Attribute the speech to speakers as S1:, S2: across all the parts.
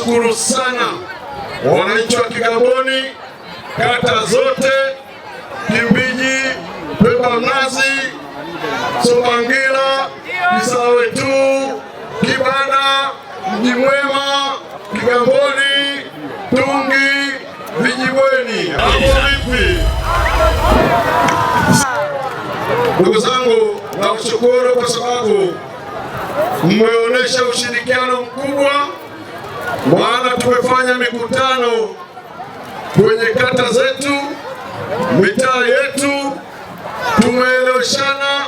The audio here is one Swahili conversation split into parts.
S1: kuwashukuru sana wananchi wa Kigamboni, kata zote, Kimbiji, Pemba, Mnazi, Sumangira, Kisawetu, Kibada, Mji Mwema, Kigamboni, Tungi, Vijibweni. Hapo vipi? Ndugu zangu, nakushukuru kwa sababu mmeonyesha ushirikiano mkubwa maana tumefanya mikutano kwenye kata zetu, mitaa yetu, tumeeleweshana,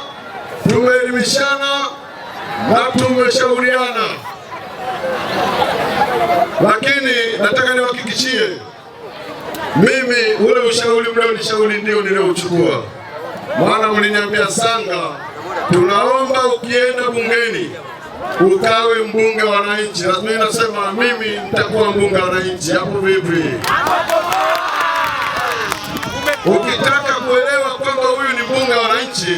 S1: tumeelimishana na tumeshauriana, lakini nataka niwahakikishie mimi ule ushauri mlionishauri ndio niliouchukua, maana mliniambia Sanga, tunaomba ukienda bungeni ukawe mbunge wa wananchi. Lazima nasema mimi nitakuwa mbunge wa wananchi, hapo vipi? Ukitaka kuelewa kwamba huyu ni mbunge wa wananchi,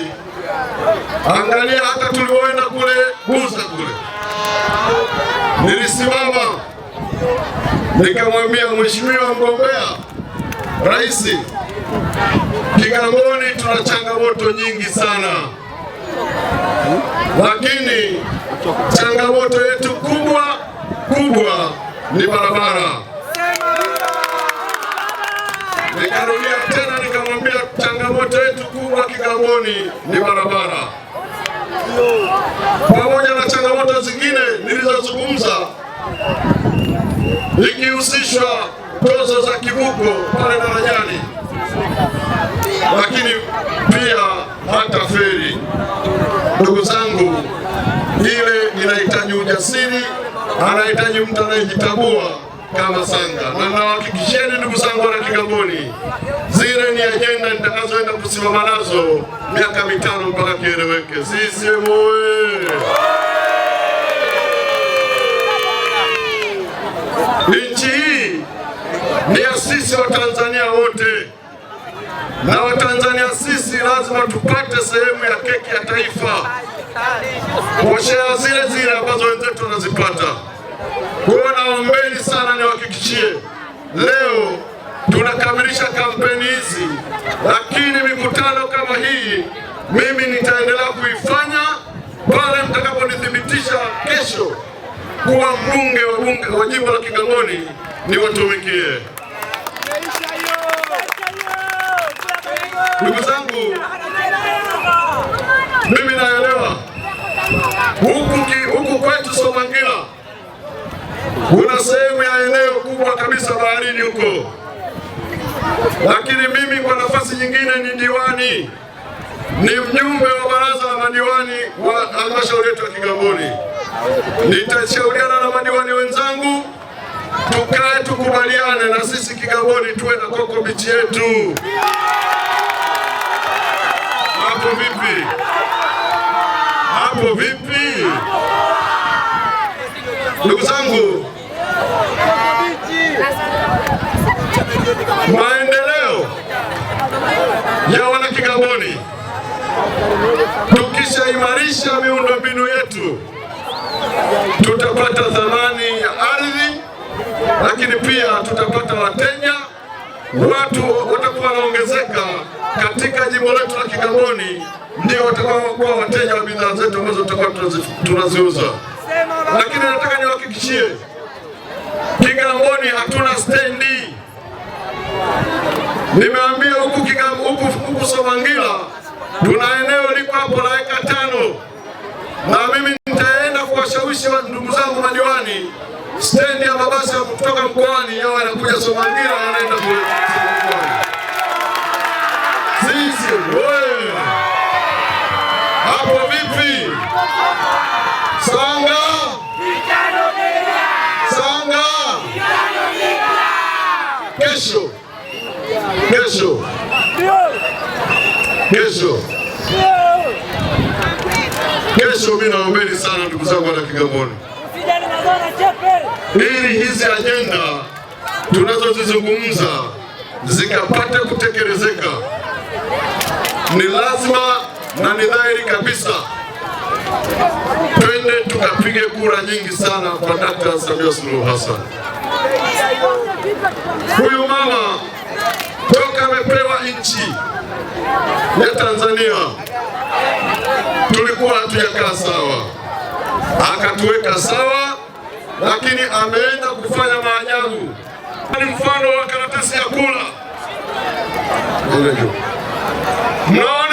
S1: angalia hata tulivyoenda kule Buza kule, nilisimama nikamwambia mheshimiwa mgombea rais, Kigamboni tuna changamoto nyingi sana, lakini Changamoto yetu kubwa kubwa ni barabara. Nikarudia tena nikamwambia, changamoto yetu kubwa Kigamboni ni barabara, pamoja na changamoto zingine nilizozungumza, ikihusishwa tozo za kivuko pale darajani, lakini pia hata feri siri anahitaji mtu anayejitambua kama Sanga, na nawahakikisheni ndugu zangu wana Kigamboni, zile ni ajenda nitakazoenda kusimama nazo miaka mitano mpaka kieleweke. CCM oyee! nchi lazima tukate sehemu ya keki ya taifa kuoshea zile zile ambazo wenzetu wanazipata. Kwa naombeni sana, niwahakikishie leo tunakamilisha kampeni hizi, lakini mikutano kama hii mimi nitaendelea kuifanya pale mtakaponithibitisha kesho kuwa mbunge wa bunge wa jimbo la Kigamboni, niwatumikie ndugu Kuna sehemu ya eneo kubwa kabisa baharini huko, lakini mimi kwa nafasi nyingine ni diwani, ni mjumbe wa baraza la madiwani wa halmashauri yetu ya Kigamboni. Nitashauriana na madiwani wenzangu tukae tukubaliane na sisi Kigamboni tuwe na koko bichi yetu. Hapo vipi? Hapo vipi? Ndugu zangu maendeleo ya Wanakigamboni. Tukishaimarisha miundombinu yetu, tutapata thamani ya ardhi, lakini pia tutapata wateja, watu watakuwa wanaongezeka katika jimbo letu la Kigamboni, ndio watakaokuwa wateja wa bidhaa zetu ambazo tutakuwa tunaziuza. Lakini nataka niwahakikishie Kigamboni hatuna stendi. Nimeambia huku Kigamboni, huku Somangila tuna eneo liko hapo la eka tano, na mimi nitaenda kuwashawishi ndugu zangu madiwani, stendi ya mabasi kutoka mkoani yao yanakuja Somangila, wanaenda sisi hapo vipi? Sanga kesho kesho kesho kesho. Mimi naombeni sana ndugu zangu wana Kigamboni, ili hizi ajenda tunazozizungumza zikapate kutekelezeka, ni lazima na ni dhahiri kabisa twende tukapige kura nyingi sana kwa Dakta Samia Suluhu Hassan. Huyu mama toka amepewa nchi ya Tanzania tulikuwa hatujakaa sawa, akatuweka sawa, lakini ameenda kufanya maajabu. Ni mfano wa karatasi ya kula no.